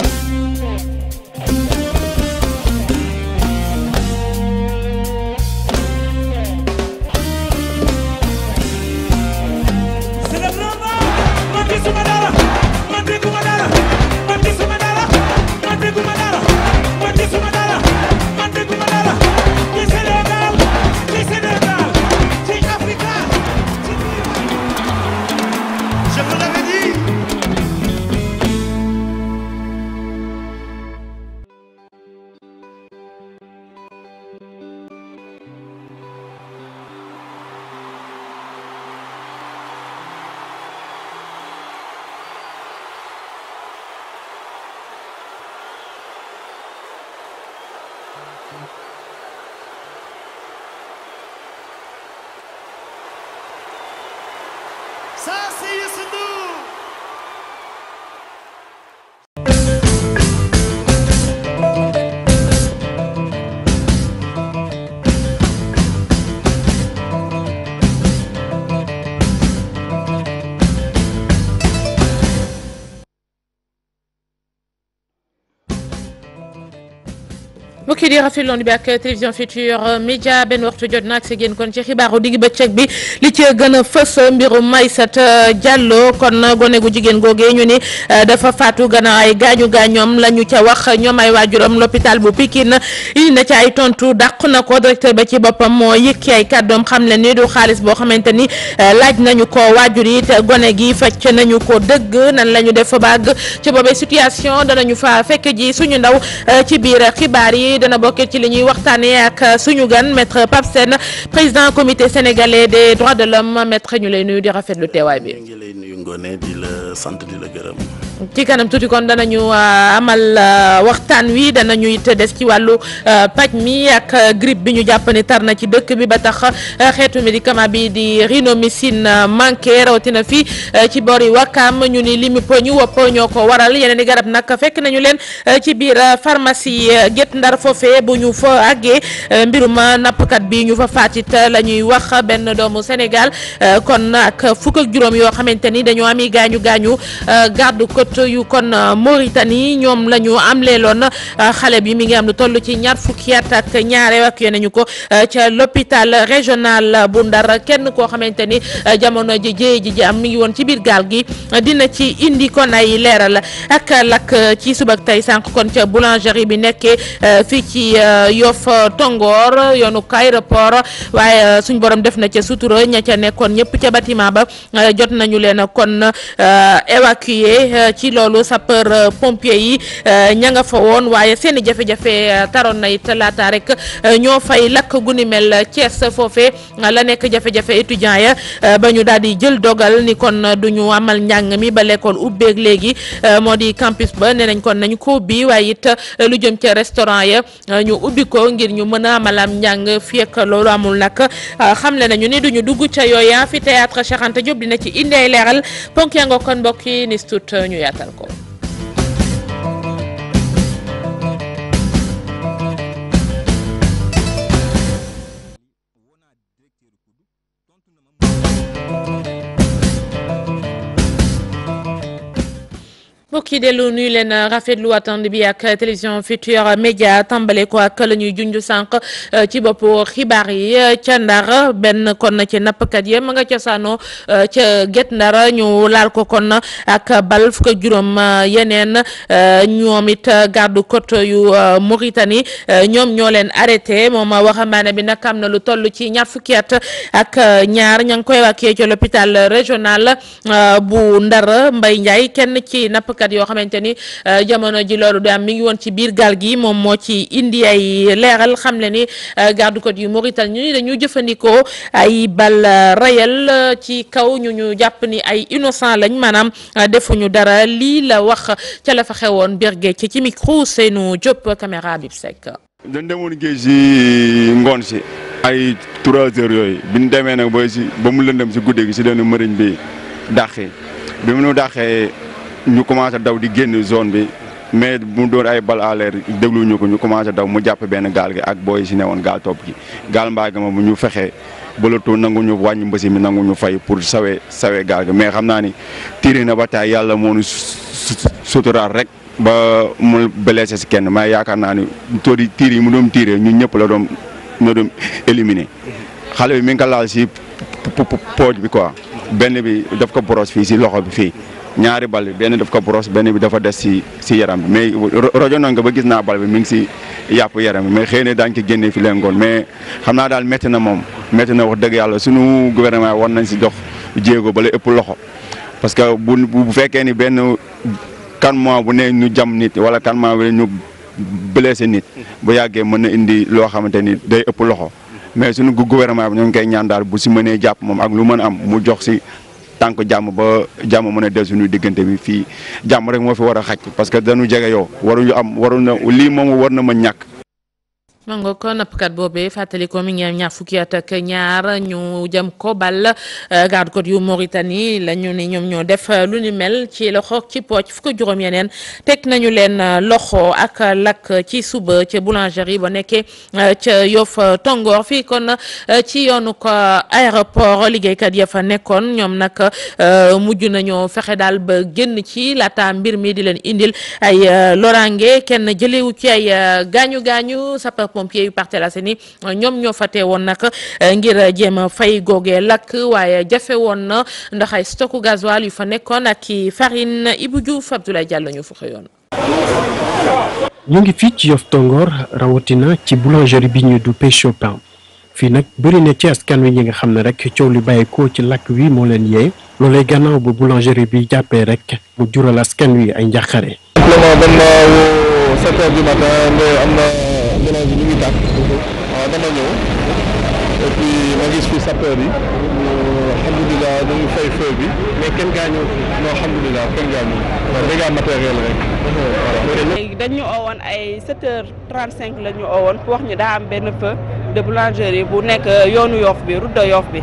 Thank you. mbokki di rafetlu bi ak télévision Futurs Médias benn waxtu jot na ak si génn kon ci xibaaru digg bëccëg bi li ci gën a fës mbirum Maïssata Diallo kon gone gu jigéen googee ñu ni euh, dafa faatu gannaaw ay gaañu gaañoom la ñu ca wax ñoom ay waajuram l'hôpital bu Pikine indi na ci ay tontu daq na ko directeur ba ci boppam moo yëkki ay kàddoom xam ne ni du xaalis boo xamante ni euh, laaj nañu ko waajur yi te gone gi facc nañu ko dëgg nan lañu ñu def baag ci boobee situation danañu fa fekk ji suñu ndaw euh, ci biir xibaar ni dana bokk ci li ñuy waxtaanee ak suñu gan maître Pape Sène président comité sénégalais des droits de l'homme maître ñu lay nuyu di rafetlu teewaay bi. ñu ngi lay nuyu Ngoné di la sant di ci kanam tuuti kon danañu euh, amal euh, waxtaan wi danañu it des ci wàllu euh, paj mi ak grippe bi ñu jàpp ni tar na ci dëkk bi ba tax xeetu médicament bi di mi siin manqué rawatina fii ci bori Wakam ñu ni limi po ñu wopp ñoo ko waral yeneen di garab nag fekk nañu leen ci biir pharmacie Guet Ndar foofe bu ñu fa àggee mbirum nappkat bi ñu fa faatit lañuy wax benn doomu Sénégal kon ak fukk ak juróom yoo xamante ni dañoo ami gaañu gaañu gàddu ko foot yu kon euh, Mauritanie ñoom la ñu amleeloon euh, xale bi mi ngi am lu toll ci ñar fukki at ak ñaar évacué nañu ko euh, ca l'hôpital régional bu Ndar kenn koo xamante ni jamono ji jéye ji ji am mi ngi woon ci biir gaal gi dina ci indi kon ay leeral ak lakk ci subak tey sànq kon ca boulangerie bi nekkee fii ci Yoff Tongoor yoonu aéroport waaye suñ borom def na ca sutura ña ca nekkoon ñëpp ca bâtiment ba jot nañu leen kon évacué ci loolu sapeur euh, pompier yi euh, ña nga fa woon waaye seen i jafe-jafe euh, taroon na it laata rek ñoo fay lakk gu ni mel Thiès foofee la nekk jafe-jafe étudiant ya ba ñu daal di jël dogal ni kon du ñu amal njàng mi ba lekkool ubbeeg léegi moo di campus ba nee nañ kon nañ ko ubbi waaye it lu jëm ca restaurant ya ñu ubbi ko ngir ñu mën a amalam njàng fii ak loolu amul nag xamle nañu ni duñu dugg ca yooyu amphithéâtre Cheikh Anta Diop dina ci indi leeral ponk yaa kon mbokk yi ni stut ñu yaatal ko mbokk yi dellu nuyu leen euh, rafetlu attente bi ak télévision Futurs Médias tàmbale ko ak la ñuy junj sànq euh, ci bopp xibaar yi euh, ca ndar benn kon ci nappkat yi ma nga cosaanoo ca Guet Ndar ñu laal ko kon ak bal fukk juróom yeneen ñoom it garde côte yu Mauritanie ñoom ñoo leen arrêté moom waxambaane bi nag am na lu toll ci ñaar ak ñaar ña ngi koy wàccee ci l'hôpital régional bu Ndar Mbaye Ndiaye kenn ci nappkat nappkat yoo xamante ni euh, jamono ji loolu daam mi ngi woon ci biir gaal gi moom moo ci indi ay leeral xam le ni euh, garde côte yu Mauritanie ñu dañu jëfandikoo ay bal euh, rayal ci kaw ñu ñu jàpp ni ay innocent lañ maanaam defuñu dara lii la wax ca la fa xewoon biir ci ci micro seenu Diop caméra bi Seck. dañ demoon géej si ngoon si. ay trois heures yooyu bi ñu demee nag ba si ba mu si guddi gi si leen mëriñ bi dàqee bi mu nu dàqee ñu commencé daw di génn zone bi mais mu door ay bal à l'air ñu ko ñu commencé daw mu jàpp benn gaal gi ak booy si ne woon gaal topp gi gaal mbaa gi moom bu ñu fexee bëlatoo nangu ñu wàññi mbësi mi nangu fay pour sawee sawee gaal gi mais xam naa ni tiiri na ba taay yàlla moo nu suturaal rek ba mu blessé si kenn mais yaakaar naa ni tóori tiir yi mu doon tiiree ñun ñëpp la doon la doon éliminé xale bi mi ngi ko laal si pooj bi quoi benn bi daf ko boros fii si loxo bi fii ñaari bal bi benn daf ko brosse benn bi dafa des si si yaram bi mais rojonoon nga ba gis naa bal bi mu ngi si yàpp yaram bi mais xëy na daañu ko fi leen mais xam naa daal métti na moom métti na wax dëgg yàlla sunu gouvernement war nañ si dox jéego bala ëpp loxo parce que bu bu fekkee ni benn kan mois bu ne ñu jam nit wala kan mois bu ne ñu blessé nit bu yàggee mën na indi loo xamante ni day ëpp loxo mais sunu gouvernement bi ñoo ngi koy ñaan daal bu si mënee jàpp moom ak lu mën am mu jox si tànk jàmm ba jàmm mën a del suñu diggante bi fii jàmm rek moo fi war a xaj parce que dañu jege yow waruñu am waruñu lii moom war na ma ñàkk mango ko nappkat boobee fàttali ko mi ngi ñaar fukki at ñaar ñu jëm ko bal euh, garde côte yu Mauritanie la ni ñoom ñoo def euh, lu ni mel ci loxo ci pooc fukk juróom yeneen teg nañu leen euh, loxo ak lakk ci suba ca boulangerie ba nekkee ca Yoff Tongoor fii kon ci yoonu ko aéroport liggéeykat ya fa nekkoon ñoom nag mujj nañoo fexe daal ba génn ci laata mbir mi di leen indil ay loraange kenn jëlewu ci ay gaañu gaañu sapeurs-pompiers ñoo fa teewoon nag eh, ngir eh, jéem a fay googee lakk waaye jafe woon na ndax ay stocku gasoil yu fa nekkoon ak i farine Ibou Diouf Abdoulaye Diallo ñu fa xëyoon. ngi fii ci Yoff Tongoor rawatina ci boulangerie bi ñuy duppee Chopin fii nag bëri na ci askan wi ñi nga xam ne rek coow li bàyyeekoo ci làkk wi moo leen yee loolay gannaaw ba boulangerie bi jàppee rek mu jural askan wi ay njàqare. simplement dañ naa woo 7 heures du am na. mélange bi ñu ngi yi bi mais kenn gaañoo non léegi dañ ay 7 heures 35 la ñu owoon pour wax daa am benn feu de boulangerie bu nekk yoonu yoof bi route yoof bi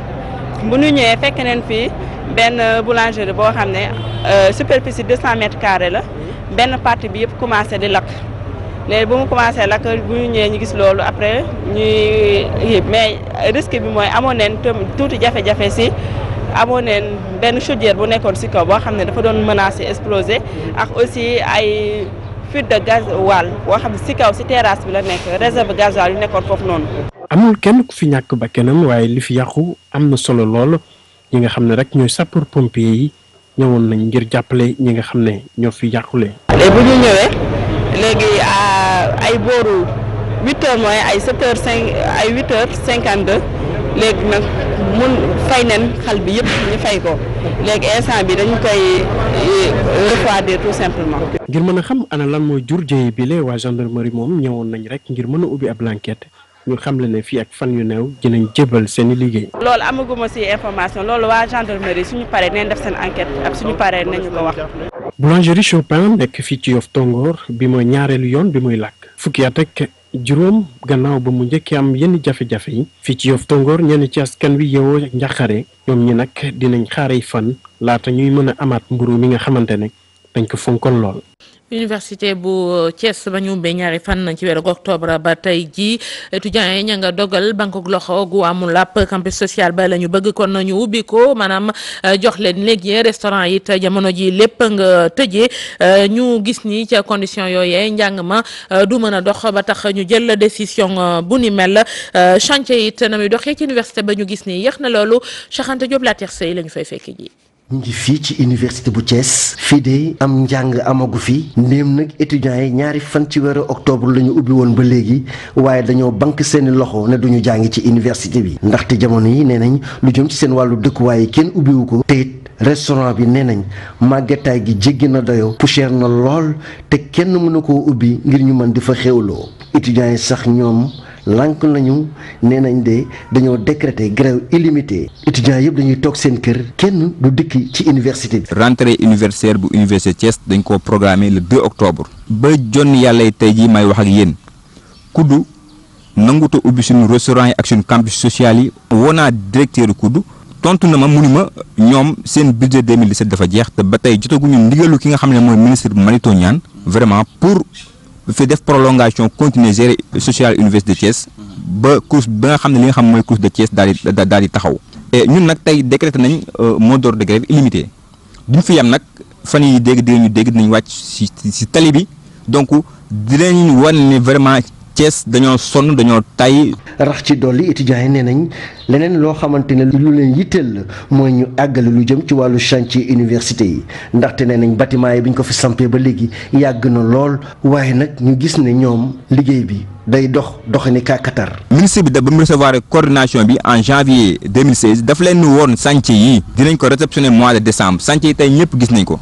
bu nu ñëwee fekk neen fii benn boulangerie boo xam ne euh, superficie 200 mètres carrés la benn partie bi yëpp commencé di lakk léegi bu mu commencé lakk bu ñu ñëwee ñu gis loolu après ñuy mais risque bi mooy amoon neen tuuti jafe-jafe si amoon neen benn chaudière bu nekkoon si kaw boo xam ne dafa doon menacé exploser ak aussi ay fuite de gasoil boo xam si kaw si terrasse bi la nekk réserve gasoil yu nekkoon foofu noonu. amul kenn ku fi ñàkk bakkanam waaye li fi yàqu am na solo lool ñi nga xam ne rek ñooy sapeur pompier yi ñëwoon nañ ngir jàppale ñi nga xam ne ñoo fi yàqule. léegi bu léegi euh, ay booru huit heures mooy ay sept heures cinq ay huit heures cinquante deux léegi nag mun fay nen xal bi yëpp ñu fay ko léegi instant bi dañu koy euh, refroidir tout simplement. ngir mën a xam ana lan mooy jur jëye bile waa gendarmerie moom ñëwoon nañ rek ngir mën a ubbi ab enquête. ñu xam xamle ne fii ak fan yu néew dinañ jébal seen liggéey. loolu amaguma ci information loolu waa gendarmerie suñu paree nañ def seen enquête ak suñu paree nañu ko wax. boulangerie Chopin nekk fii ci Yoff Tongoor bi mooy ñaareelu yoon bi muy làkk fukki at ak juróom gannaaw ba mu njëkkee am yenn jafe-jafe yi fii ci Yoff Tongoor ñenn ci askan wi yeewoo njaxare ñoom ñi nag dinañ xaaree fan laata ñuy mën a amaat mburu mi nga xamante ne dañ ko fonkoon lool. université bu euh, Thiès ba ñu ubbee ñaari fan ci weeru octobre ba tey jii étudiants yi ña nga dogal banque loxo gu amul ab campus social ba la ñu bëgg kon nañu ubbi ko maanaam euh, jox leen léegi restaurant yi it jamono ji lépp nga tëjee euh, ñu gis ni ca condition yooyee njàng ma du mën a dox ba tax ñu jël décision bu ni mel chantier it na muy doxee ci université ba ñu gis ni yéex na loolu Cheikh Anta Diop la terse yi la ñu fay fekk ji. ñu ngi fii ci université bu cees fii de am njàng amagu fi ndéem nag étudiants yi ñaari fan ci weeru octobre la ñu ubbi woon ba léegi waaye dañoo bank seeni loxo ne duñu jàngi ci université bi ndaxte jamono yi nee nañ lu jëm ci seen wàllu dëkkuwaay kenn ubbiwu ko te it restaurant bi nee nañ màggataay gi jéggi na doyo poussière na lool te kenn mënu ko ubbi ngir ñu mën di fa xéwloo étudiants yi sax ñoom lànk nañu nee nañ de dañoo décréter grève illimité étudiants yëpp dañuy toog seen kër kenn du dikki ci université bi. rentrée universitaire bu université Thiès dañ koo programmé le 2 octobre. ba jonn yàlla tey jii may wax ak yéen kuddu nanguta ubbi suñu restaurant yi ak suñu campus social yi woo naa directeur kuddu tontu na ma mu ni ma ñoom seen budget 2017 dafa jeex te ba tey jotaguñu ndigalu ki nga xam ne mooy ministre Mary Teuw Niane vraiment pour. fi def prolongation continuer gérer sociale université de ba course ba nga xam ne li nga xam mooy course de Thiès daal di daal di taxaw. ñun nag tey décrété nañ euh, mot d'ordre de grève illimité duñ fi yam nag fan yi dégg dinañu dégg dinañ wàcc si si tali bi donc dinañ wan ne vraiment. cees dañoo sonn dañoo tay rax ci dolli étudiants yi nee nañ leneen loo xamante ne lu leen yitteel la mooy ñu àggale lu jëm ci wàllu chantier université yi ndaxte nee nañ bâtiment yi bi ñu ko fi sampee ba léegi yàgg na lool waaye nag ñu gis ne ñoom liggéey bi day dox doxini kàkkatar ministre bi da ba mu recevoir coordination bi en janvier 2016 daf leen woon chantier yi dinañ ko réceptionner mois de décembre chantier yi tey ñëpp gis nañ ko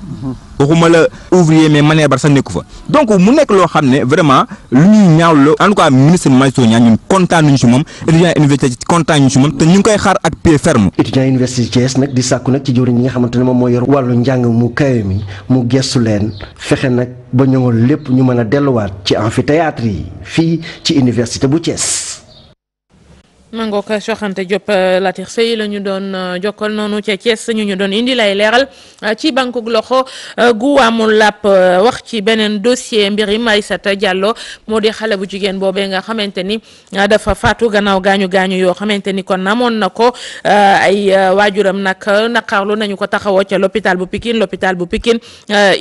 waxuma la ouvrier mais manière bar sax nekku fa donc mu nekk loo xam ne vraiment lu ñuy ñaaw la en tout cas ministre Malick Niang ñun kontaan nañu si moom étudiant université kontaan nañu si moom te ñu ngi koy xaar ak pied ferme étudiant université Thiès nag di sàkku nag ci jëwriñ ñi nga xamante ne moom moo yor wàllu njàng mu kawe mi mu gestu leen fexe nag ba ñoŋol lépp ñu mën a delluwaat ci amphithéâtre yi fii ci université bu Thiès mangook soxante Diop euh, Latir Sey la ñu doon euh, jokkal noonu ca Thiès ñu ñu doon indi lay leeral euh, ci banque loxo gu amul làpp wax ci beneen dossier mbirim Aïssata jàlloo moo di xale bu jigéen boobee nga xamante ni dafa faatu gannaaw gaañu gaañu yoo xamante ni kon amoon na ko ay waajuram nag naqarlu nañu ko taxawoo ca l'hôpital bu Pikine l'hôpital bu Pikine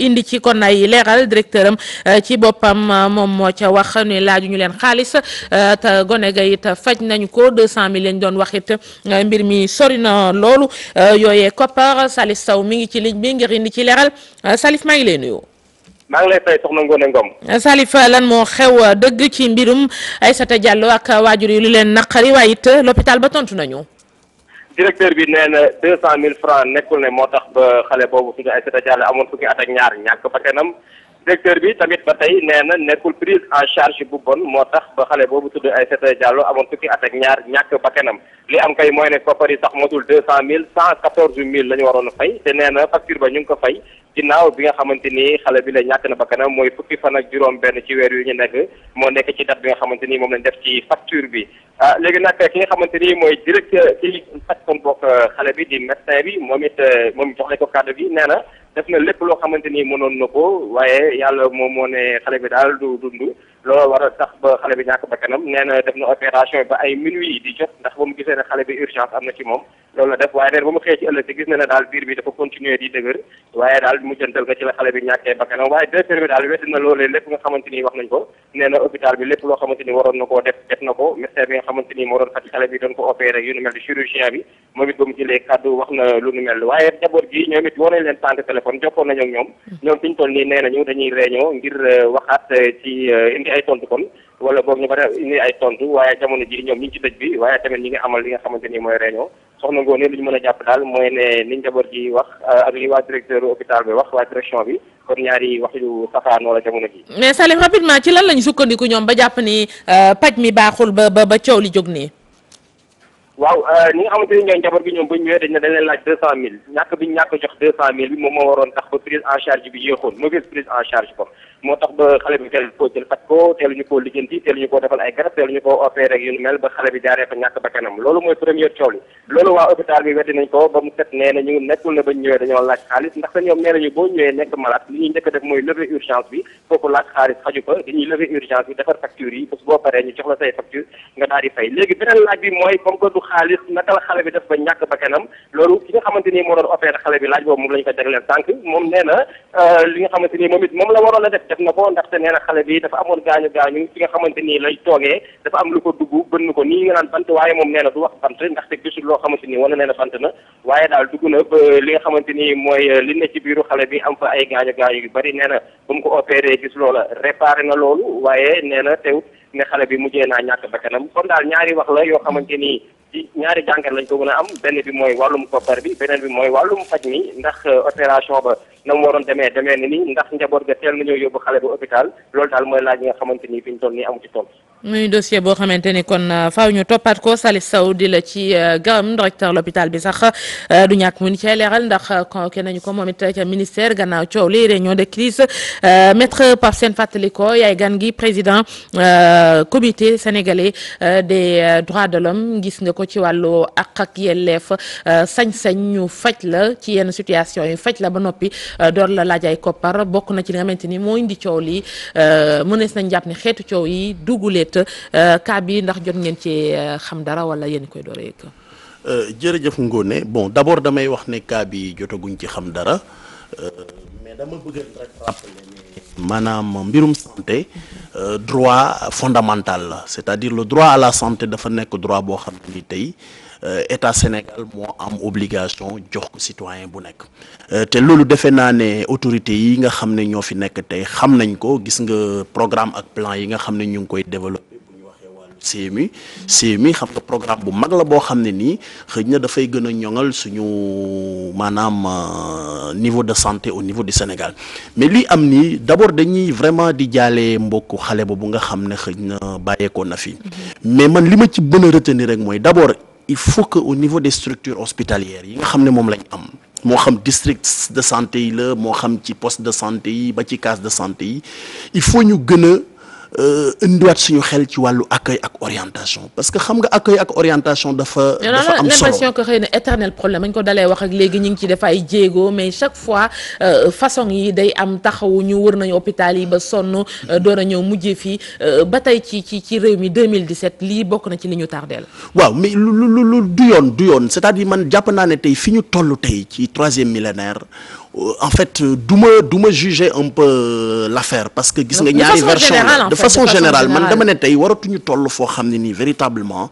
indi ci kon ay leeral directeur am ci boppam moom moo ca wax ni laaju ñu leen xaalis te gone ga it faj deux cent mille lañ doon wax it euh, mbir mi sori loolu euh, yooyee koppar Salif Sow mi ngi ci ligne bi ngir indi ci leeral euh, Salif maa ngi lay nuyu. maa ngi lay fay soxna Ngoné Ngom. Salif lan moo xew dëgg ci mbirum Aïssata Diallo ak waajur yi lu leen naqari waaye it l'hôpital ba tontu nañu. directeur bi nee na deux cent mille francs nekkul ne moo tax ba xale boobu tudd Aïssata Diallo amoon fukki at ak ñaar ñàkk bakkanam directeur bi tamit ba tey nee na nekkul prise en charge bu bon moo tax ba xale boobu tudd Aïssata Diallo amoon fukki at ak ñaar ñàkk bakkanam li am kay mooy ne koppar yi sax motul deux cent mille cent quatorze mille la ñu waroon a fay te nee na facture ba ñu ngi ko fay ginnaaw bi nga xamante ni xale bi la ñàkk na bakkanam mooy fukki fan ak juróom benn ci weer yu ñu nekk moo nekk ci date bi nga xamante ni moom lañ def ci facture bi ah léegi nag ki nga xamante ni mooy directeur ci faj kon xale bi di médecin bi moom it moom jox ko kàddu nee na def na lépp loo xamante ni mënoon na ko waaye yàlla moom moo ne xale bi daal du dund looloo war a tax ba xale bi ñàkk bakkanam nee def na opération ba ay minuit di jot ndax ba mu gisee ne xale bi urgence am na ci moom loolu la def waaye neen ba mu xëyee ci ëllëg si gis na daal biir bi dafa continuer di dëgër waaye daal mujjantal nga ci la xale bi ñàkkee bakkanam waaye docteur bi daal wedd na loolee lépp nga xamante wax nañ ko nee na bi lépp loo xamante ni waroon na koo def def na ko médecin bi nga xamante ni moo doon ci ay tontu kon wala boog ñu bari indi ay tontu waaye jamono ji ñoom ñi ngi ci dëj bi waaye tamit ñi ngi amal li nga xamante ni mooy réunion soxna Ngoné li ñu mën a jàpp daal mooy ne niñ jabar ji wax euh, ak li waa directeur hôpital bi wax waa direction bi kon ñaari wax yu safaanoo la jamono ji mais Salim rapidement ci lan lañu sukkandiku ñoom ba jàpp ni euh, paj mi baaxul ba ba coow li jóg nii waaw euh, ñi nga xamante ni ñooy njaboot gi ñoom bu ñu ñëwee dañ ne dañ leen laaj deux cent mille ñàkk bi ñu ñàkk jox deux cent mille bi moom moo waroon tax ba prise en charge bi yéexoon mauvaise moo tax ba xale bi teel koo ko defal ay garab teeluñu koo opéré ak yu nu mel ba xale bi jaaree fa ñàkk ba kanam loolu mooy première coow li loolu waa hôpital bi weddi nañ ko ba mu set nee na nekkul ne ba ñu ñëwee dañoo laaj xaalis ndaxte ñoom nee nañu boo xaalis naka la xale bi def ba ñàkk bakkanam loolu ki nga xamante ni moo doon xale bi laaj boobu moom la ñu ko moom nee na euh, li nga xamante ni moom it moom la waroon a def def na ko ndaxte nee na xale bi dafa amoon gaañu gaañu fi nga xamante ni lay toogee dafa am lu ko dugg nu ko nii nga naan bant waaye moom nee na du wax bant ndaxte gisul loo xamante ni wala nee bant na waaye daal dugg na ba li nga xamante ni mooy euh, li ne ci biiru xale bi am fa ay gaañu gaañu yu bari nee na ba ko opéré gis loola réparé na loolu waaye nee na tew ne xale bi mujjee naa ñàkk bakkanam kon daal ñaari wax la yoo xamante ni ñaari jàngat lañ ko mën a am benn bi mooy wàllum koppar bi beneen bi mooy wàllum faj mi ndax euh, opération ba na mu waroon demee demee ni ni ndax njaboot ga teel nañoo yóbbu xale ba hôpital loolu daal mooy laaj yi nga xamante ni fi ñu toll nii amu ci toll muy dossier boo xamante ni kon euh, faaw ñu toppaat ko Salif Sow di la ci euh, gërëm directeur l'hôpital bi sax euh, du ñàkk mu ni cay leeral ndax convoqué nañu ko moom it ca ministère gannaaw coow li réunion de crise maître Pape Sène ko yaay gan gi président comité sénégalais des droits de l'homme gis nga ko ci wàllu ak ak yelleef sañ-sañ ñu faj la ci yenn situation yi faj la ba noppi door la laaj ay koppar bokk na ci li nga xamante ni moo indi coow li mënees nañ jàpp ne xeetu coow yi duggulee déet euh, cas bi ndax jot ngeen ci euh, xam dara wala yéen koy door a yëg euh, jërëjëf ngoone bon d'abord damay wax ne cas bi jotaguñ ci xam dara mais maanaam mbirum santé droit fondamental la c'est-à-dire le droit à la santé dafa nekk droit boo xam ne ni tey Euh, état Sénégal moo am obligation jox ko citoyen bu nekk euh, te loolu defe naa ne autorités yi nga xam ne ñoo fi nekk tey xam nañ ko gis nga programme ak plan yi nga xam ne ñu ngi koy développé. CMU CMU xam nga programme bu mag la boo xam ne nii xëy na dafay gën a ñoŋal suñu maanaam euh, niveau de santé au niveau de Sénégal mais luy am nii d'abord dañuy vraiment di jaale mbokku xale ba bu nga xam ne xëy na bàyyeekoon na fi mm-hmm. mais man li ma ci mën a retenir rek mooy d'abord il faut que au niveau des structures hospitalières yi nga xam ne moom lañ am moo xam district de santé yi la moo xam ci poste de santé yi ba ci case de santé yi il faut ñu gën a Euh, indiwaat suñu xel ci wàllu accueil ak orientation parce que xam nga accueil ak orientation dafa. dafa am solo l'impression que xëy na éternel problème dañ ko dalee wax ak léegi ñu ngi ci def ay jéego mais chaque fois euh, façon yi day am taxawu ñu wër nañu hôpital yi ba sonn euh, doon a ñëw mujjee fii ba tey ci ci ci réew mi 2017 lii bokk na ci li ñu tardeel waaw mais lu lu lu du yoon du yoon c'est-à-dire man jàpp naa ne tey fi ñu toll tey ci troisième millénaire. Euh, en fait euh, du ma du ma juger un peu euh, l'affaire parce que gis nga ñaari version de façon générale man dama ne tey waratuñu toll foo xam ne nii véritablement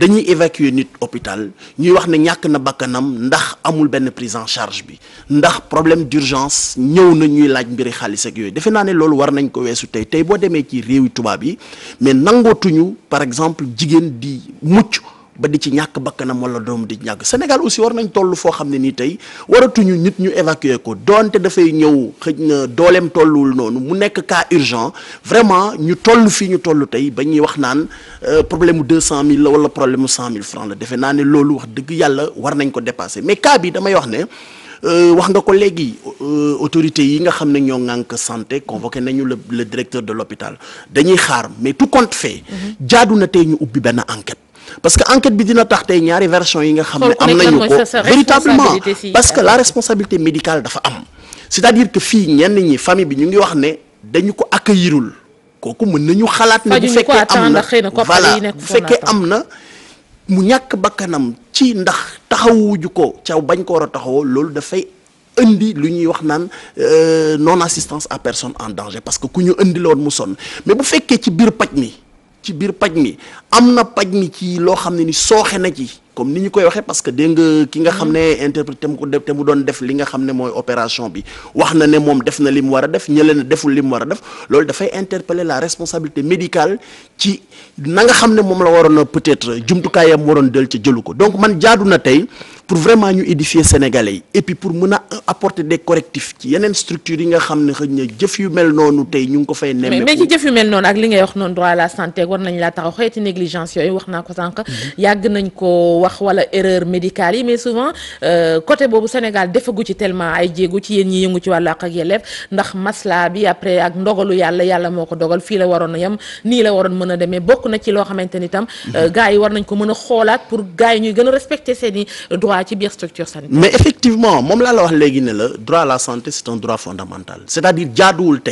dañuy évacuer nit hôpital ñuy wax ne ñàkk na bakkanam ndax amul benn prise en charge bi ndax problème d'urgence ñëw na ñuy laaj mbiri xaalis yooyu defe naa ne loolu war nañ ko weesu tey tey boo demee ci réewi tubaab yi mais nangootuñu par exemple jigéen di mucc ba di ci ñàkk bakkanam wala doom di ñàkk Sénégal aussi war nañ toll foo xam ne nii tey waratuñu nit ñu évacuer ko donte dafay ñëw xëj na dooleem tolluwul noonu mu nekk cas urgent vraiment ñu toll fii ñu toll tey ba ñuy wax naan euh, problème mu deux cent mille la wala problème mu cent mille franc la defe naa ne loolu wax dëgg yàlla war nañ ko dépasser mais cas bi damay wax ne. Euh, wax nga ko léegi euh, autorités yi nga xam ne ñoo ŋànk santé convoqué nañu le le directeur de l'hôpital dañuy xaar mais tout compte fait mm-hmm. jaadu na ñu ubbi benn enquête parce que enquête bi dina tax tey ñaari version yi nga xam ne am nañu ko véritablement parce que la responsabilité médicale dafa am cest a dire que fii ñenn ñi famille bi ñu ngi wax ne dañu ko accueillirul kooku mën nañu xalaat ne bu fekkee am na voilà bu fekkee am na mu ñàkk bakkanam ci ndax taxawuju ko ca bañ ko war a taxawoo loolu dafay indi lu ñuy wax naan euh, non assistance à personne en danger parce que ku ñu indi loon mu sonn mais bu fekkee ci biir paj mi ci biir paj mi am na paj mi ci loo xam ne ni sooxe na ci comme ni ñu koy waxee parce que dégg nga ki nga xam ne interprète mu ko def te mu doon def li nga xam ne mooy opération bi wax na moom def na li mu war a def ñële deful li mu war a def loolu dafay interpeller la responsabilité médicale ci na xam ne moom la waroon a peut-être jumtukaayam waroon del ca jëlu ko donc man jaadu na tey pour vraiment ñu édifier sénégalais yi et puis pour mën a apporter des correctifs ci yeneen structures yi nga xam ne xëy na jëf yu mel noonu tey ñu ngi ko fay. nemmeeku mais mais ci jëf yu mel noonu ak li ngay wax noonu droit la santé war nañ négligence yooyu wax naa ko sànq. Mhm. yàgg nañ ko wax wala erreur médicale yi mais souvent euh, côté boobu Sénégal defagu ci tellement ay jéego ci yéen ñi yëngu ci wàllu àq ak yelleef ndax masla bi après ak ndogalu yàlla yàlla moo ko dogal fii la waroon a yem nii la waroon mën a demee bokk na ci loo xamante ni tam. Mhm. Euh, gars yi war nañ ko mën a xoolaat pour gars yi ñuy gën a respecter i droit ci biir structure sanitaire. mais effectivement moom laa la wax léegi ne la droit à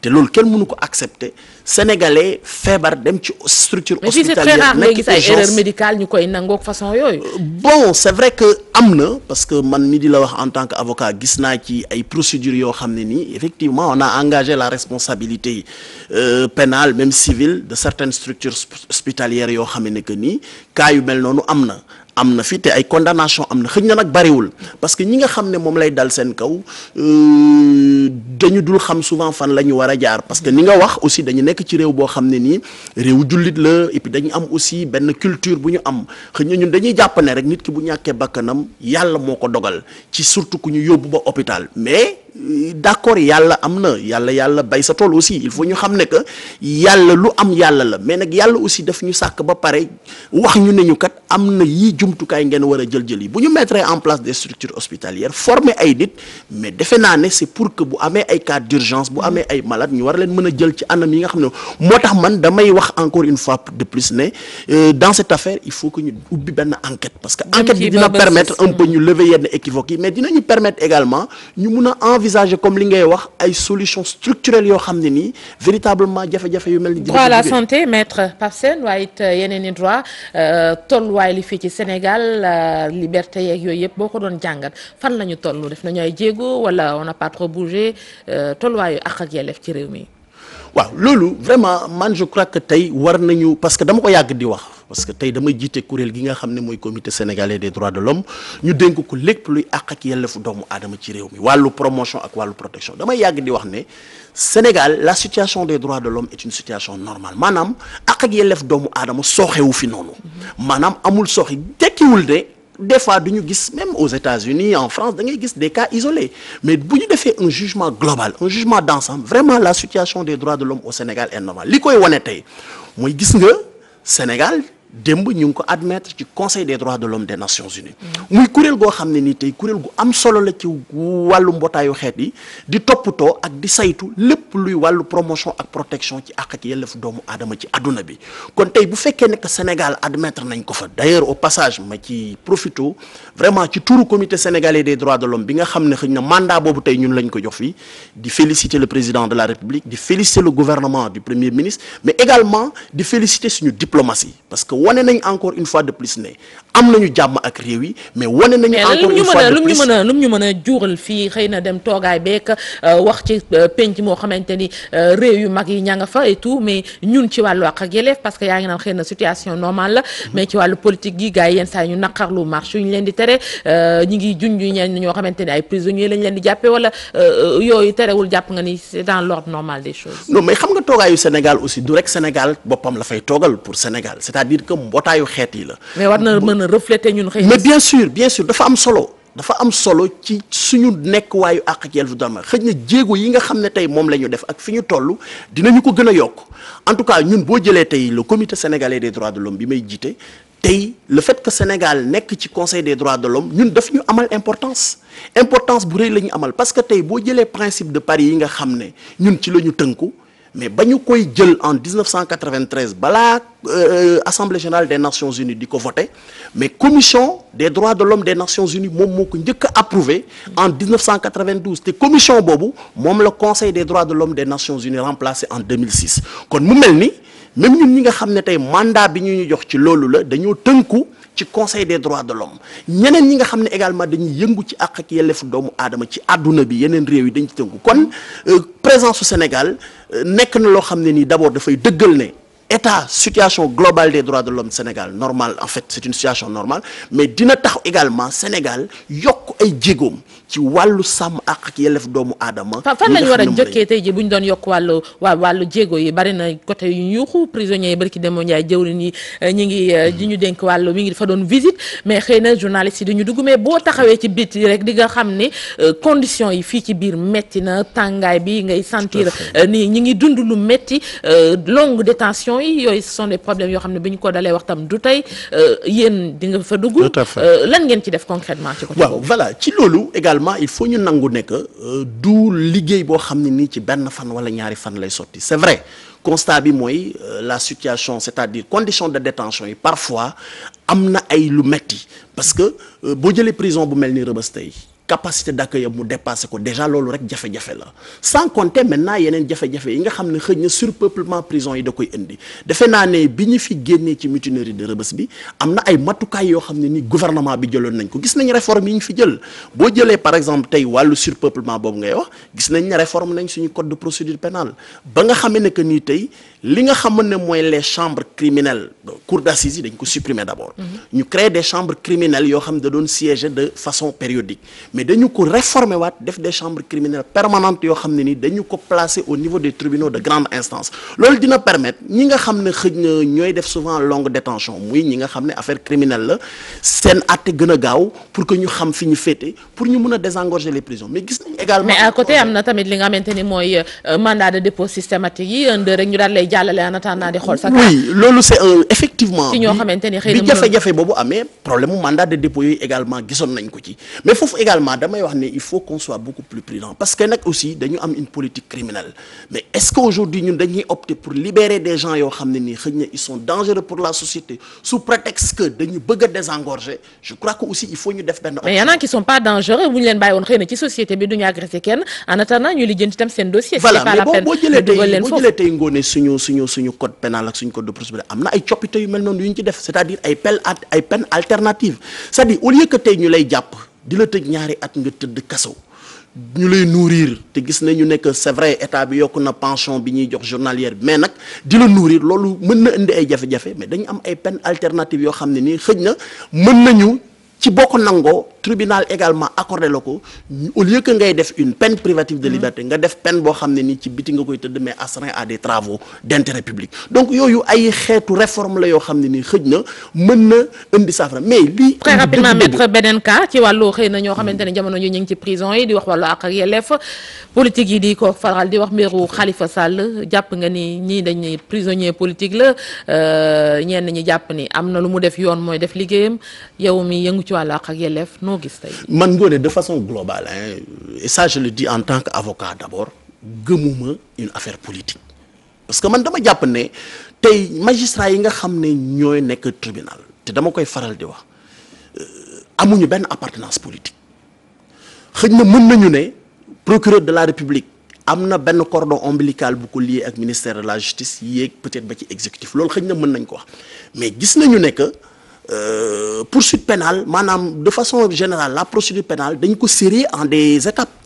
te loolu kenn mënu ko accepter sénégalais feebar dem ci structure hospitalière nekk urgence mais c'est très médicale ñu koy nangook façon yooyu. Euh, bon c'est vrai que am na parce que man mi di la wax en tant que avocat gis naa ci ay procédures yoo xam ne nii effectivement on a engagé la responsabilité euh, pénale même civile de certaines structures hospitalières yoo xam ne que nii cas yu mel noonu am na. am na fi te ay condamnation am na xëñ na nag bariwul parce que ñi nga xam ne moom lay dal seen kaw euh, dañu dul xam souvent fan la ñu war a jaar parce que ni nga wax aussi dañu nekk ci réew boo xam ne nii réew jullit la et puis am aussi benn culture bu ñu am xëñ na dañuy jàppane rek nit ki bu ñàkkee bakkanam yàlla moo ko dogal ci surtout ku ñu yóbbu ba hôpital mais euh, d'accord yàlla am na yàlla yàlla bay sa tool aussi il faut ñu xam ne que yàlla lu am yàlla la mais nag yàlla aussi daf ñu ba pare am na yii jumtukaay ngeen war a jël jël yi bu ñu mettre en place des structures hospitalières former ay nit mais defe naa ne c'est pour que bu amee ay cas d'urgence bu amee ay malade ñu war leen mën a jël ci anam yi nga xam ne moo tax man damay wax encore une fois de plus ne euh, dans cette affaire il faut que ñu ubbi benn enquête parce que enquête bi dina permettre un peu ñu lever yenn équivoques yi mais dinañu permettre également ñu mun a envisager comme li ngay yoo xam ne ni droit à la santé maître Pape Sène waaye it euh, yeneen waaye li fii ci Sénégal euh, liberté yeeg yooyu yëpp boo ko doon jàngat fan la ñu toll def nañu ay jéego wala on n'a pas trop bougé euh, tolluwaayu àq ak yelleef ci réew mi. waaw loolu vraiment man je crois que tey war nañu parce que dama ko yàgg di wax parce que tey damay jiite kuréel gi nga xam ne mooy comité sénégalais des droits de l'homme ñu dénk ko lépp luy àq ak yelleefu doomu aadama ci réew mi wàllu promotion ak wàllu protection damay yàgg di wax ne Sénégal la situation des droits de l'homme est une situation normale maanaam àq ak yelleef doomu aadama sooxewu fi noonu maanaam amul sooxe tekkiwul de des fois du ñu gis même aux États-Unis en France da ngay gis des cas isolés mais bu ñu defee un jugement global un jugement d'ensemble vraiment la situation des droits de l'homme au Sénégal est normale li koy wane tey mooy gis nga Sénégal démb ñu ngi ko admettre ci conseil des droits de l'homme des nations unies muy kuréel goo xam ne nii tey kuréel gu am solo la ci wàllu mbootaayu xeet yi di toppatoo ak di saytu lépp luy wàllu promotion ak protection ci àq ak yelleef doomu aadama ci àdduna bi kon tey bu fekkee ne que Sénégal admettre nañ ko fa d'ailleurs au passage ma ci profito vraiment ci turu comité sénégalais des droits de l'homme bi nga xam ne xëy na mandat boobu tey ñun lañ ko jox fii di féliciter le président de la di féliciter le gouvernement du premier ministre mais également di féliciter suñu diplomatie parce que wane nañ encore une fois de plus ne am ñu jàmm ak réew yi mais wane nañu. encore lu ñu mën a lu ñu mën a juural fii xëy na dem toogaay beek euh, wax ci euh, penc moo xamante ni euh, réew yu mag yi ña nga fa et tout mais ñun ci wàllu àq ak yelleef parce que yaa ngi naan xëy na situation normale la. Mm-hmm. mais ci wàllu politique gi gars yi yenn saa ñu naqarlu marche yu ñu leen di tere ñu ngi junj ñenn ñoo xamante ni ay prisonniers lañ leen di jàppee wala yooyu terewul jàpp nga ni c'est dans l'ordre normal des choses. non mais xam nga aussi du rek Sénégal boppam la fay pour Sénégal c'est-à-dire que mbootaayu xeet yi la. mën a refléter ñun xëy mais bien sûr bien sûr dafa am solo dafa am solo ci suñu nekk waayu àq ak yelleefu doomu xëy na jéego yi nga xam ne tey moom la ñu def ak fi ñu toll ñu ko gën a yokk en tout cas ñun boo jëlee tey le comité sénégalais des droits de l'homme bi may jiite tey le fait que Sénégal nekk ci conseil des droits de l'homme ñun daf ñu amal importance importance bu rëy la ñu amal parce que tey boo jëlee principe de Paris yi nga xam ne ñun ci la ñu tënku mais ba ñu koy jël en 1993 balaa euh, assemblée générale des nations unies di ko voté mais commission des droits de l'homme des nations unies moom moo ko njëkk a approuvé en 1992 te commission boobu moom la conseil des droits de l'homme des nations unies remplacé en 2006 kon mu mel ni même ñun ñi nga xam ne tey mandat bi ñu ñu jox ci loolu la dañoo tënku ci conseil des droits de l'homme ñeneen ñi nga xam ne également dañu yëngu ci àq ak yelleefu doomu aadama ci àdduna bi yeneen réew yi dañ ci tënku kon euh, présence su Sénégal euh, nekk na loo xam ne nii d'abord dafay dëggal ne état situation globale des droits de l'homme Sénégal normal en fait c'est une situation normale mais dina tax également Sénégal yokk ay jéegoom ci wàllu sàmm àq ak yelleef doomu aadama. fan lañ war a jëkkee tey ji bu ñu doon yokk wàllu waa wàllu jéego yi bari na côté yu ñu yuuxu prisonniers yi bari ci demoo Ndiaye jëwriñ yi eh, ñi ngi eh, hmm. di ñu dénk wàllu mi ngi fa doon visite mais xëy na journaliste yi di ñu dugg mais boo taxawee ci biti rek di nga xam ni eh, condition yi fii ci biir metti na tàngaay bi ngay sentir nii ñu ngi dund lu metti longue détention yi yooyu ce sont des problèmes yoo xam ne bi ñu ko dalee waxtam du tey yéen di nga fa dugg lan ngeen ci def concrètement ci également il faut ñu nangu ne que euh, du liggéey boo xam ne nii ci benn fan wala ñaari fan lay sotti c'est vrai constat bi mooy euh, la situation c'est-à-dire condition de détention yi parfois am na ay lu metti parce que euh, boo jëlee prison bu mel ni Rebeuss tey capacité d'accueil mu dépassé ko déjà loolu rek jafe-jafe la sans compter maintenant yeneen jafe-jafe yi nga xam ne xëy na surpeuplement prison yi da koy indi defe naa ne bi ñu fi génnee ci mutinerie de Rebeuss bi am na ay matukaay yoo xam ne ni gouvernement bi jëloon nañ ko gis nañ réforme yi ñu fi jël boo jëlee par exemple tey wàllu surpeuplement boobu ngay wax gis nañ ne réforme nañ suñu code de procédure pénale ba nga xamee ne que nii tey li nga xam ne mooy les chambres criminelles cour ko supprimer d'abord mhm. ñu créer des chambres criminelles yoo xam ne dañu ko réformer waat def des chambres criminelles permanentes yoo xam ne ni dañu ko placer au niveau des tribunaux de grande instance loolu dina permettre ñi nga xam ne xëj na ñooy def souvent longue détention muy ñi nga xam ne affaire criminelle la seen àtte gën a gaaw pour que ñu xam fi ñu féete pour ñu mën a désengorger les prisons mais gis nañ également mais jàllale en attendant di xool sa oui loolu c'est effectivement. bi jafe-jafe boobu amee problème mandat de dépôt également gisoon nañ ko ci mais foofu également damay wax ne il faut qu'on beaucoup plus prudent parce que nag aussi dañu am une politique criminelle mais est-ce que aujourd'hui ñun dañuy opter pour libérer des gens yoo xam ne nii xëy na ils sont dangereux pour la société sous prétexte que dañu bëgg a je crois que aussi suñu suñu code pénal ak suñu code de procédure am na ay coppite yu mel noonu yu ñu ci def c'est-à-dire ay pel ay peine alternative c'est-à-dire au que tey ñu lay jàpp di la tëj ñaari at nga tëdd kaso ñu lay nourrir te gis nañu ne que c'est vrai état bi yokk na pension bi ñuy jox journalière mais nag di la nourrir loolu mën na indi ay jafe-jafe mais dañu am ay peine alternative yoo xam ne nii xëj na mën nañu ci bokk nangoo tribunal également accordé la ko au lieu ngay def une pen privative de mm-hmm. liberté nga def peine boo xam ne nii ci biti nga koy tëdd mais astreint à des travaux d'intérêt public donc yooyu ay xeetu réforme la yoo xam ne nii xëj na mën na indi saafara mais lii très rapidement maître beneen wàllu xëy na ñoo mm-hmm. xamante ne jamono ñu ngi ci prison yi di wax wàllu àq ak yelleef politique yi di ko faral di wax mbiru xalifa Sall jàpp nga ni ñii dañuy prisonnier politique la euh, ñenn ñi jàpp ni am na lu mu def yoon mooy def liggéeyam yow mi yëngu ci wàllu àq ak yelleef noo man ngoone de façon globale hein et ça le di en tant qu'avocat d'abord gëmuma une affaire politique parce que man dama jàpp ne tey magistrat yi nga xam ne ñooy nekk tribunal te dama koy faral di wax euh, amuñu benn appartenance politique xëj na mën nañu ne procureur de la république am na benn cordon ombilical bu ko lié ak ministère de la justice yéeg peut-être ba ci exécutif loolu xëñ na mën nañ ko mais gis nañu ne Euh, poursuite pénale maanaam de façon générale la procédure pénale dañ ko serrer en des étapes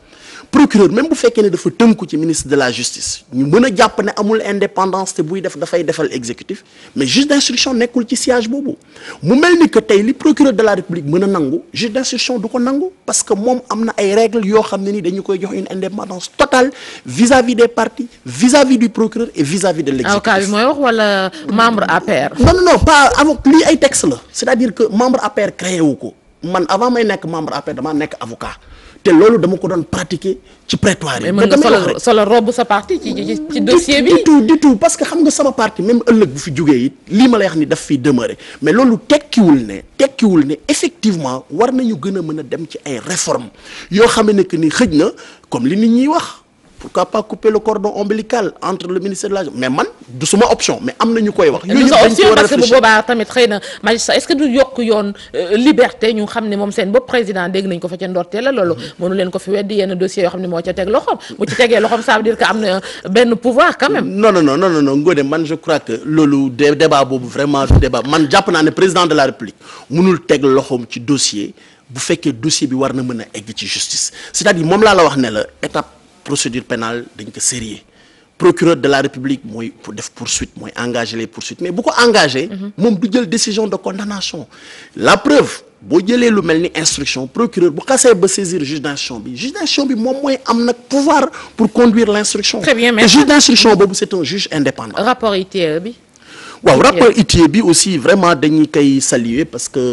procureur même bu fekkee ne dafa tënku ci ministre de la justice ñu mën a jàpp ne amul indépendance te buy def dafay defal exécutif mais juge d'instruction nekkul ci siège boobu mu mel ni que tey li procureur de la république mën a nangu juge d'instruction du ko nangu parce que moom am na ay règles yoo xam ne ni dañu koy jox une indépendance totale vis-à-vis des partis avocat du procureur et vis-à-vis de l'exécutif. avocat bi mooy wax wala membre APR. non non non pas avocat lii ay texte la à dire que membre APR créé wu ko man avant may nekk membre APR damaa nekk avocat. te loolu dama ko doon pratiquer ci prétoire yi. mais mën nga solo robb sa parti ci ci dossier bi. du tout du tout parce que xam nga sama parti même ëllëg bu fi jógee it lii ma lay wax ni daf fiy demeurer mais loolu tekkiwul ne tekkiwul ne effectivement war nañu gën a mën a dem ci ay réformes yoo xam ne que ni xëj na comme li nit ñiy wax. pourquoi pas couper le cordon ombilical entre le ministère de la mais man du suma option mais am na ñu koy wax. yooyu dañ ci war a parce que bu boobaa tamit xëy na magistrat est-ce que du yokk yoon euh, liberté ñu xam ne moom seen bopp président dégg nañ ko fa ca la loolu. Mm-hmm. mënu ko fi weddi yenn dossiers yoo xam ne moo ca teg loxoom. bu ci tegee loxoom ça veut dire que am na euh, benn pouvoir quand même. non non non non non man je crois que loolu débat boobu vraiment du naa ne président de la république mënul teg loxoom ci dossier bu fekkee bi war na mën a egg ci moom laa la wax ne la étape. procédure pénale dañ ko sérieux procureur de la république mooy def poursuite mooy engager les poursuites mais bu ko engagé. moom du jël décision de condamnation la preuve boo jëlee lu mel ni instruction procureur bu xasee ba saisir juge d'instruction bi juge d'instruction bi moom mooy am nag pouvoir pour conduire l'instruction. très bien mais juge d'instruction boobu c'est un juge indépendant. waaw rapport ITIE bi aussi vraiment dañu koy saluer parce que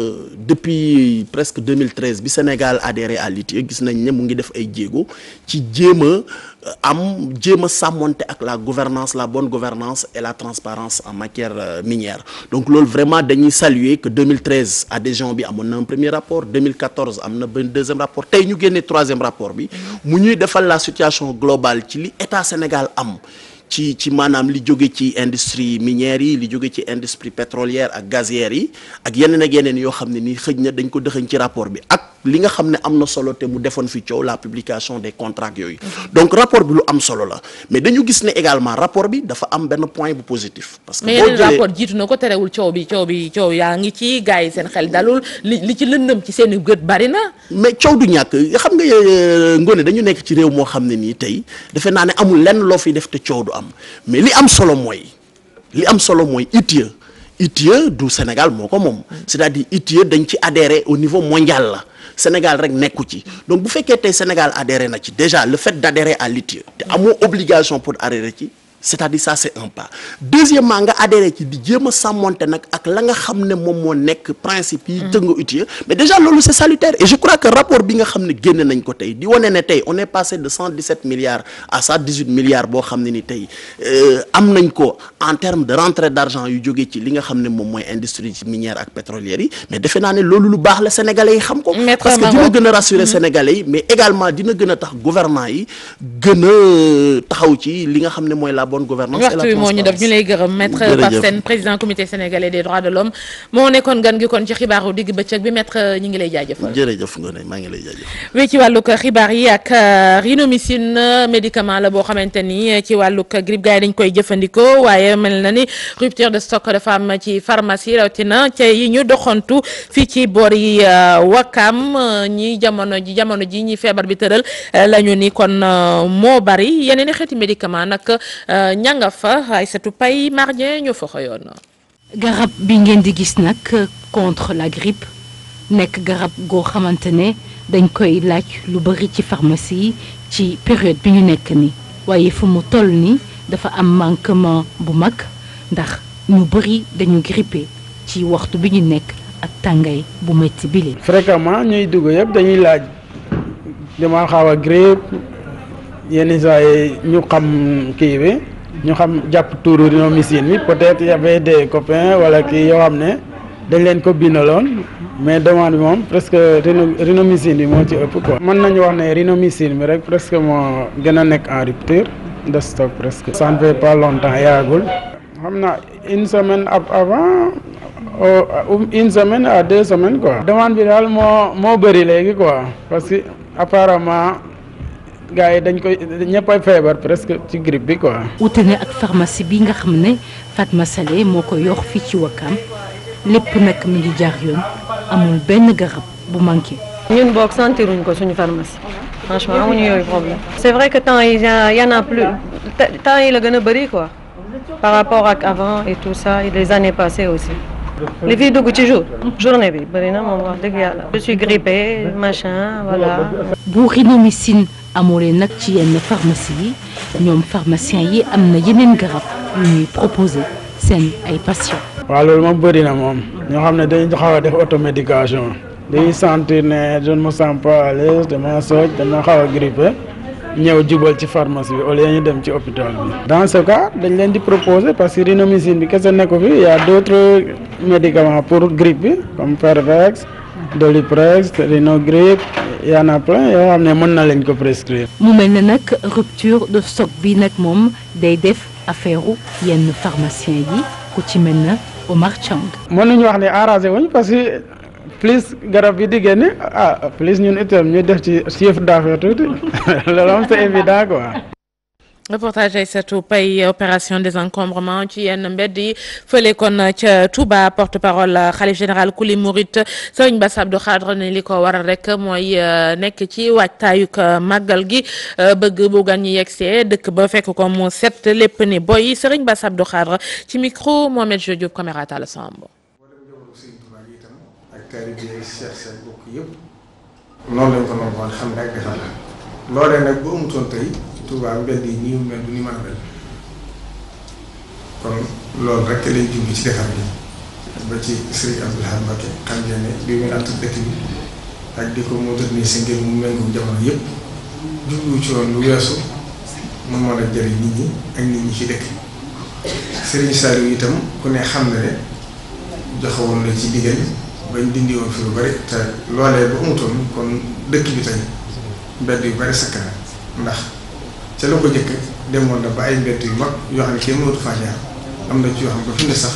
depuis presque 2013 bi Sénégal adhéré à l'ITIE gis nañ ne mu ngi def ay jéego ci jéem a euh, am jéem a sàmmonte ak la gouvernance la bonne gouvernance et la transparence en matière euh, minière donc loolu vraiment dañuy saluer que 2013 adhésion bi amoon na un premier rapport am na benn deuxième rapport tey ñu génne troisième rapport bi mu ñuy defal la situation globale ci li état Sénégal am ci ci maanaam li jóge ci industrie minière yi li jóge ci industrie pétrolière ak gazière yi ak yeneen ak yeneen yoo xam ne ni xëj na dañ ko dëxëñ ci rapport bi ak li nga xam ne am na solo te mu defoon fi coow la publication des contrats yooyu donc rapport bi lu am solo la mais dañu gis ne également rapport bi dafa am benn point bu positif. parce que boo jëlee rapport na ko terewul coow bi coow bi coow yaa ngi ci gars yi seen xel dalul li li ci lëndëm ci seen i gët bari na. mais coow du ñàkk xam nga euh, Ngoné dañu nekk ci réew moo xam ne nii tey defe naa ne amul lenn loo fi def te coow du am mais li am solo mooy li am solo mooy ITIE ITIE du Sénégal moo ko moom c'est-à-dire ITIE dañ ci adhéré au niveau mondial la. Sénégal rek nekku ci donc bu fekkee tey Sénégal adhéré na ci déjà le fait d'adhérer à l'ITIE te amoo obligation pour adhérer ci c'est-à-dire ça c'est un pas deuxièmement nga adhéré ci di jéem a nag ak la nga xam ne moom moo nekk principe yi tënga utile mais déjà loolu c'est salutaire et je crois que rapport bi nga xam ne génn nañ ko tey di wane ne tey on est passé de 117 milliards à 118 milliards boo xam ne ni tey euh, am nañ ko en termes de rentrée d'argent yu jógee ci li nga xam ne moom mooy industrie minière ak pétrolière yi mais defe naa ne nga xam ne mooy la bonne gouvernance waxtu bi moo ñu def ñu lay gërëm maître Pape Sène président comité sénégalais des droits de l'homme moo nekkoon gan gi kon ci xibaaru digg bëccëg bi maître ñi ngi lay jaajëfal jërëjëf nga ci wàllug xibaar yi ak euh, rinomycine euh, médicament la boo xamante ni euh, ci wàllug grippe gars dañ koy jëfandikoo waaye mel na ni rupture de stock dafa am ci pharmacie rawatina yi ñu doxantu fii ci boor yi wakam ñi jamono ji jamono ji ñi feebar bi tëral la ni kon moo bari yeneen ña nga fa Aïssatou Paye Marien ñoo fa xëyoon. garab bi ngeen di gis nag euh, contre la grippe nekk garab goo xamante ne dañ koy laaj lu bari ci pharmacie yi ci période bi ñu nekk ni waaye fu mu toll ni dafa am manquement bu mag ndax ñu bari dañu grippé ci waxtu bi ñu nekk ak tàngaay bu métti bile. fréquemment ñuy dugg yëpp dañuy laaj dama xaw a grippe yenn saa ñu xam kii ñu xam jàpp tuuru Rhinomécine bi peut-être y avait des copains wala kii yoo xam ne dañ leen ko bindaloon mais demande bi moom presque Rhinomécine bi moo ci ëpp quoi. mën nañu wax ne Rhinomécine bi rek presque moo gën a nekk en rupture de stock presque. ça ne fait pas longtemps yaagul. xam na une semaine avant une semaine à deux semaines quoi. demande bi daal moo moo bari léegi quoi parce apparemment. gars yi dañ koy ñëppay feebar presque ci grippe bi quoi. wute na ak pharmacie bi nga xam ne Fatma Salé moo ko yox fii ci Wakam lépp nag mi ngi jaar yoon amul benn garab bu manqué. ñun boog sentiruñ ko suñu pharmacie franchement amuñu yooyu problème. c'est vrai que temps yi y en a la gën a bëri quoi par rapport ak avant et tout ça et les années passées aussi. li fiy dugg ci jour journée bi bëri na moom wax dëgg yàlla. je suis grippée machin voilà. bu rinomycine amoo leen nag ci yenn pharmacie yi ñoom pharmacien yi am na yeneen garab yu ñuy proposé seen ay patients. waa loolu moom bëri na moom ñoo xam ne dañuy xaw a def automédication dañuy sentir ne je ne me sens pas à l'aise dama sooj xaw a grippé ñëw jubal ci pharmacie bi au ñu dem ci hôpital bi. dans ce dañ leen di proposer parce que rinomycine bi kese nekku fi y a d'autres médicaments pour grippe bi comme Fervex Doliprex Rhinogrip. y en a yoo xam ne mën na leen ko prescrire. mu mel na nag rupture de stock bi nag moom day def affaire yenn pharmacien yi ku ci mel na Omar Chang. mënuñu wax ne arrangé wuñ parce que plus garab yi di génne ah plus ñun itam ñu def ci chiffre d'affaires tuuti loolu moom c'est évident reportage ay satu pay opération désencombrement ci yenn mbedd yi fële kon ca Touba porte parole xalif général kuli Murit Sëriñ Bass Abdou Khadre ne li ko waral rek mooy euh, nekk ci waajtaayug euh, màggal gi euh, bëgg bu gan ñi yegsee dëkk ba fekk ko moo set lépp ni boy Sëriñ ba Abdou Khadre ci micro Mohamed Jo Diop caméra Talla Touba mbedd yi nii mel du ni maa mel kon loolu rek lañ jublu ci defar bi ba ci Serigne Abdoul xam ne bi muy àtt dëkk bi ak di ko moderniser ngir mu méngoo jamono yëpp jublu ci woon lu weesu mu mën a jëriñ nit ñi ak nit ñi ci dëkk Serigne Saliou itam ku ne xam na ne joxewoon la ci digal bañ dindi woon fi lu bari te loolee ba amutoon kon dëkk bi tey mbedd yu bari sakk ndax. te la ko jëkk demoon na ba ay mbedd yu mag yoo xam ne kenn mënatu faa jaar am na ci yoo xam ne ba fi ne sax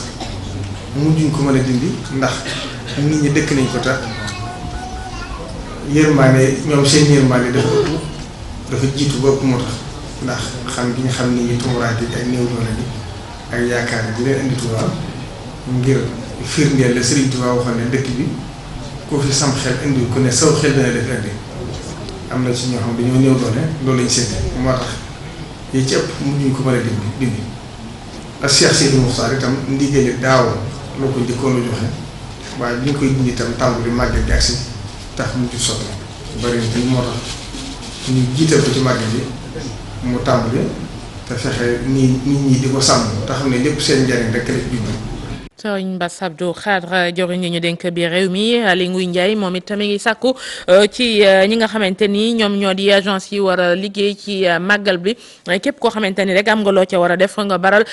mujjuñ ko mën a ndax nit ñi dëkk nañ ko ta yërmaane ñoom seen yërmaane dafa ëpp dafa jiitu ba moo tax ndax xam gi xam nit ñi tumuraat yi ak néew doole bi ak yaakaar bi leen indi Tuubaa ngir firndeel la Sëriñ Tuubaa waxoon ne dëkk bi koo fi sam xel indi ko ne saw xel dana def indi am na ci ñoo xam dañoo néew doole loolu lañ seet moo tax yi ci ëpp mënuñ ko mën a dindi dindi ak Cheikh Seydou Moussa itam ndiggale daaw loo ko njëkkoon la joxe waaye bi ñu koy dindi itam tàmbali màggal gi agsi tax mu ci sotti bari na moo tax ñu jiital ko ci màggal gi mu tàmbali te fexe nii nit ñi di ko sàmm te xam ne lépp seen njariñ rek la jublu Sëriñ Bass Abdou Khadre joriñ li ñu dénk bi réew mi Aly Ngouille Ndiaye moom it mi ngi sàkku euh, ci euh, ñi nga xamante ni ñoom ñoo di agence yi war a liggéey ci euh, màggal bi képp koo xamante ni rek am nga loo ca war a def nga baral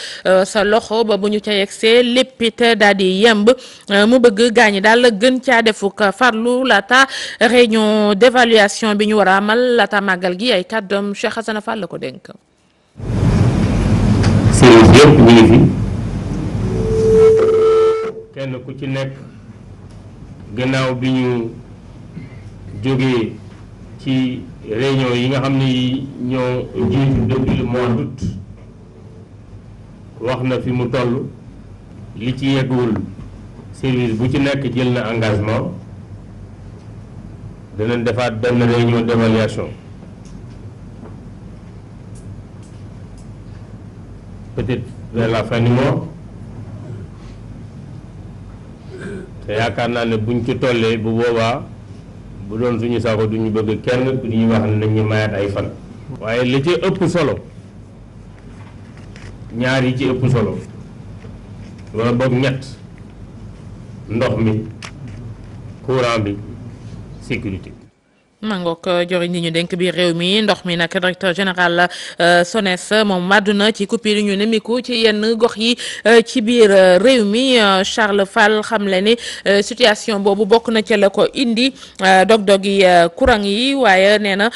sa loxo ba bu ñu ca yegsee lépp it daal di yemb mu bëgg gaañi daal gën caa defuk farlu laata réunion d'évaluation bi ñu war a amal laata màggal gi ay kàddoom Cheikh Hassan Fall la ko dénk. kenn ku ci nekk gannaaw bi ñu jógee ci réunion yi nga xam ne ñoo jiitu depuis le mois d'août wax na fi mu toll li ci yeggul service bu ci nekk jël na engagement danañ defaat benn réunion d'évaluation peut-être vers la fin du mois te yaakaar naa ne buñ ci tollee bu boobaa bu doon suñu saako duñu bëgg kenn ku wax ne nañ ñu mayaat ay fan. waaye li ci ëpp solo ñaar yi ci ëpp solo wala boog ñett ndox mi courant bi sécurité. mangook euh, joriñ li ñu dénk biir réew mi ndox mi nag directeur général euh, SONES euh, moom màdduna ci coupure yi ñu nemiku ci yenn gox yi ci biir réew mi Charles Fall xam le ni situation boobu bokk na ca la ko indi dog-dog yi courant yi waaye nee na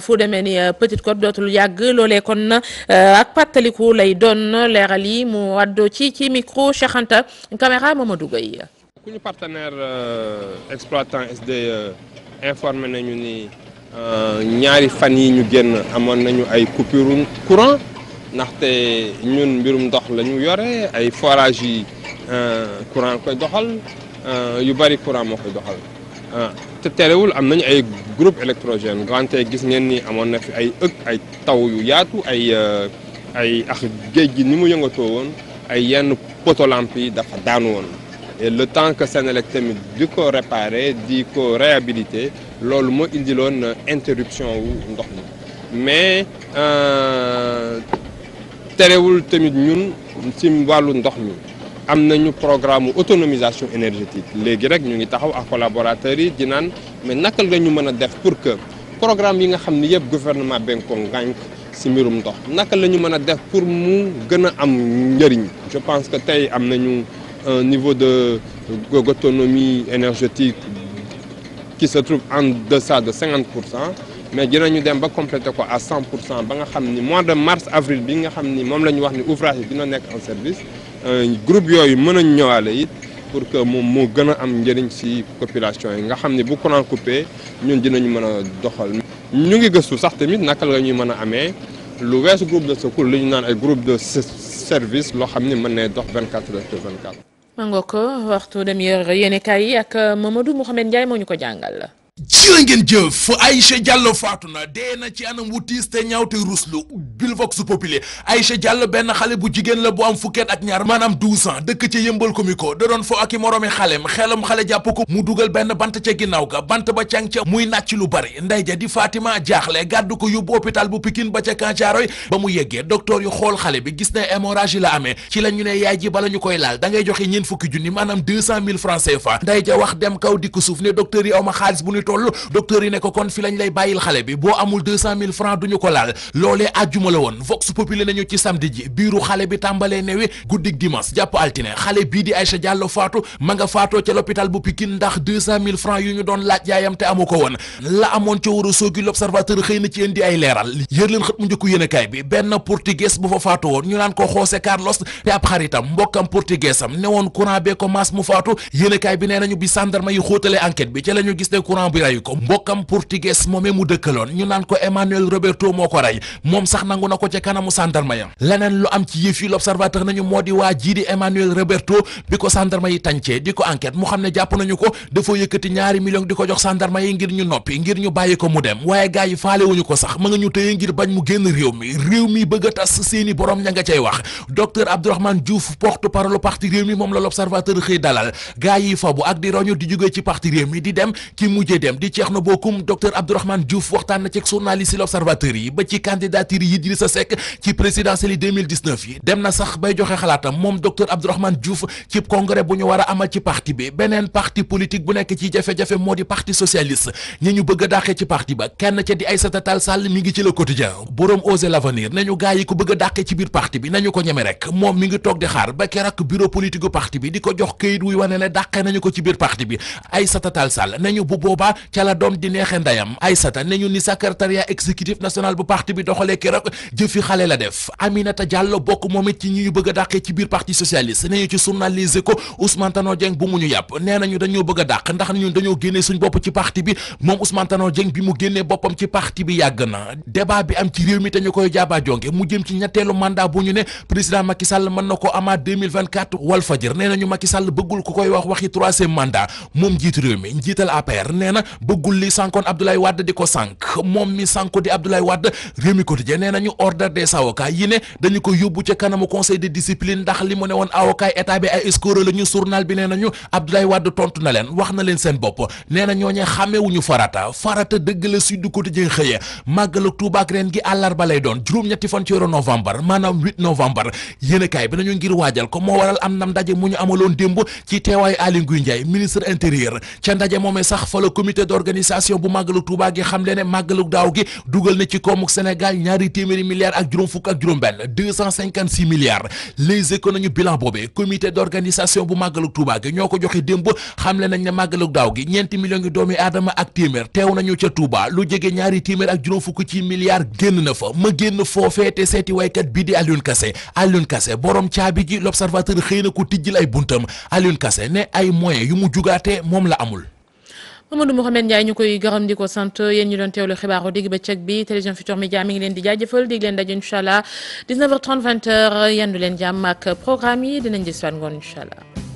fu demee ni Petite Côte dootul yàgg loole kon ak pàttaliku lay doon leeral yi mu wàddu ci ci micro Cheikh Anta caméra Mamadou Gueye. ku ñu partenaire exploitant SDE informé nañu ni euh, ñaari fan yi ñu génn amoon nañu ay coupure courant ndaxte ñun mbirum ndox la ñu yore ay forage yi euh, courant koy doxal euh, yu bari courant moo koy doxal te terewul am nañu ay groupe électrogène wante gis ngeen ni amoon na fi ay ëkk ay taw yu yaatu ay ay ax géej gi ni mu yëngatoo woon ay yenn poto yi dafa daanu woon le temps que Senelec tamit di ko réparer di ko réhabiliter loolu moo indiloon interruption wu ndox mi mais euh, terewul tamit ñun ci wàllu ndox mi am nañu programme autonomisation énergétique léegi rek ñu ngi taxaw ak collaborateurs yi di naan mais naka la ñu mën a def pour que programme yi nga xam ni yëpp gouvernement benn ko ngànk si mbirum ndox naka la ñu mën a def pour mu gën a am njëriñ je pense que tey am nañu un niveau de d'autonomie énergétique qui se trouve en deçà de 50 pour cent mais dinañu dem ba complété ko à 100 cent ba nga xam ni mois de mars avril bi nga xam ni moom la ñu wax ni ouvrage yi dina nekk en service groupe yooyu mën a ñëwaale it pour que moom moo gën a am njëriñ ci population yi nga xam ni bu courant coupé ñun dinañu mën a doxal. ñu ngi gëstu sax tamit naka la ñuy mën a amee lu weesu groupe de secours li naan ay groupe de service loo xam ni mën na dox 24 heures sur 24. ma nga ko waxtu demi heure yéenekaay yi ak Mamadou Mouhamed ndiay moo ñu ko jàngal. la jërë ngeen jëf Aïcha Diallo faatu na dee na ci anam wu tiis te ñaaw te ruslu bil vox populi Aïcha Diallo benn xale bu jigéen la bu am fukkeet ak ñaar maanaam 12 ans dëkk ca yëmbal ko mi ko da doon fo ak i moroomi xalem xelam xale jàpp ko mu dugal benn bant ca ginnaaw ga bant ba càng ca muy nàcc lu bari ndey ja di Fatima jaaxle gàddu ko yóbbu hôpital bu Pikine ba ca Kancaroy ba mu yeggee docteur yu xool xale bi gis ne hémorragie yi la amee ci la ne yaay toll docteur yi ne kon fi lañ lay bàyyil xale bi boo amul deux cent mille francs duñu ko laal loolee àjjuma la woon vox populi nañu ci samedi ji biiru xale bi tàmbalee newe guddik dimanche jàpp altine xale bii di Aïcha Diallo faatu ma nga faatoo ca l'hôpital bu Pikine ndax deux cent mille francs yu ñu doon laaj yaayam te amu ko woon la amoon ca war a soogi l'observateur xëy na ci indi ay leeral yër leen xët mu njëkku yéenekaay bi benn portugais bi rayu ko mbokkam portugais moome mu dëkkaloon ñu naan ko Emmanuel Roberto moo ko rey moom sax nangu na ko ca kanamu sandarma ya leneen lu am ci yëf yi l'observateur nañu moo di waa jii Emmanuel Roberto bi ko sandarma yi tàncee di ko enquête mu xam ne jàpp nañu ko dafa yëkkati ñaari million di ko jox sandarma yi ngir ñu noppi ngir ñu bàyyi ko mu dem waaye gars yi faale ko sax ma nga ñu tëye ngir bañ mu génn réew mi réew mi bëgg a tas seeni borom dem di Thierno Bocoum docteur Abdourahmane Diouf waxtaan na ci journaliste l'Observateur yi ba ci candidature yi Idrissa Seck ci présidentielle yi dem na sax bay joxe xalaatam moom docteur Abdourahmane Diouf ci congrès bu ñu war amal ci parti bi beneen parti politique bu nekk ci jafe-jafe moo di parti socialiste ñi ñu bëgg dàqee ci parti ba kenn ca di Aïssata Tall Sall mi ngi ci le quotidien boroom Osez l'avenir nañu gaa yi ko bëgg dàqee ci biir parti bi nañu ko Touba ca la doom di neexe ndayam Aysata ne ñu ni secrétariat exécutif national bu parti bi doxalee keroog jëfi xale la def Aminata Diallo bokk moom it ci ñu bëgg a dàqee ci biir parti socialiste ne ñu ci journalisé ko Ousmane Tanor bi mu génnee boppam ci parti bi yàgg na débat bi am ci réew mi te koy jaaba jonge mu jëm ci ñetteelu mandat bu ñu ne président Macky Sall mën na ko amaat 2024 Walfadjri nee nañu Macky Sall bëggul ku koy wax waxi troisième nag bëggul li sànkoon Abdoulaye Wade di ko sànk moom mi sànko di Abdoulaye Wade réew mi quotidien nee nañu ordre des avocats yi ne dañu ko yóbbu ca kanamu conseil de discipline ndax li mu ne woon avocat état bi ay escroc la ñu bi nee nañu Abdoulaye Wade tontu na leen wax na leen seen bopp nee na ñooñu xàmmewuñu farata farata dëgg la Sud du Quotidien xëyee màggalu Tuuba ak ren gi àllarba lay doon juróom-ñetti fan ci weeru novembre maanaam 8 novembre comité d'organisation bu màggalu Tuuba gi xam le ne màggalu daaw gi dugal na ci koomuk Sénégal ñaari téeméeri milliards ak juróom fukk ak juróom benn deux cent cinquante six milliards les nañu bilan boobee comité d'organisation bu màggalu Tuuba gi ñoo ko joxe démb xam le nañ ne màggalu daaw gi ñeenti millions ngi doomi adama ak téeméer teew nañu ca Tuuba lu jege ñaari téeméer ak juróom fukk ci milliards génn na fa ma génn foofee te seeti waykat bii di Alioune Kassé Alioune Kassé borom caabi ji l'observateur xëy na ko tijjil ay buntam Alioune Kassé ne ay moyens yu mu jugaatee moom la amul Mamadou Mouhamed Ndiaye ñu koy gërëm di ko sant yéen ñu doon teewlu xibaaru digg bëccëg bi télévision Futur Média mi ngi leen di jaajëfal dig leen daje incha allah 19h30 20 programme yi dinañ gis waat ngoon incha allah.